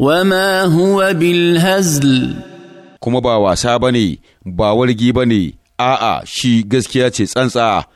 وما هو بالهزل kuma ba wasa ba ne ba wargi ba ne a'a shi gaskiya ce tsantsa